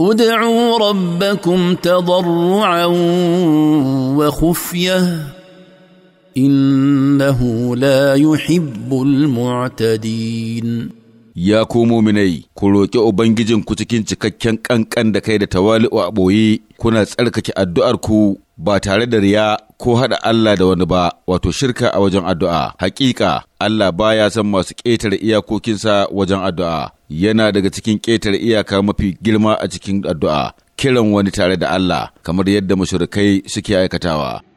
ادعوا ربكم تضرعا وخفيه انه لا يحب المعتدين ya komo minai, ku roƙi ubangijin ku cikin cikakken ƙanƙan da kai da tawali'u a ɓoye kuna tsarkake addu'ar ku ba tare da riya ko haɗa Allah da wani ba wato shirka a wajen addu'a Haƙiƙa Allah baya son masu ƙetare iyakokinsa wajen addu'a yana daga cikin ƙetare iyaka mafi girma a cikin addu'a kiran wani tare da Allah kamar yadda mashirikai suke aikatawa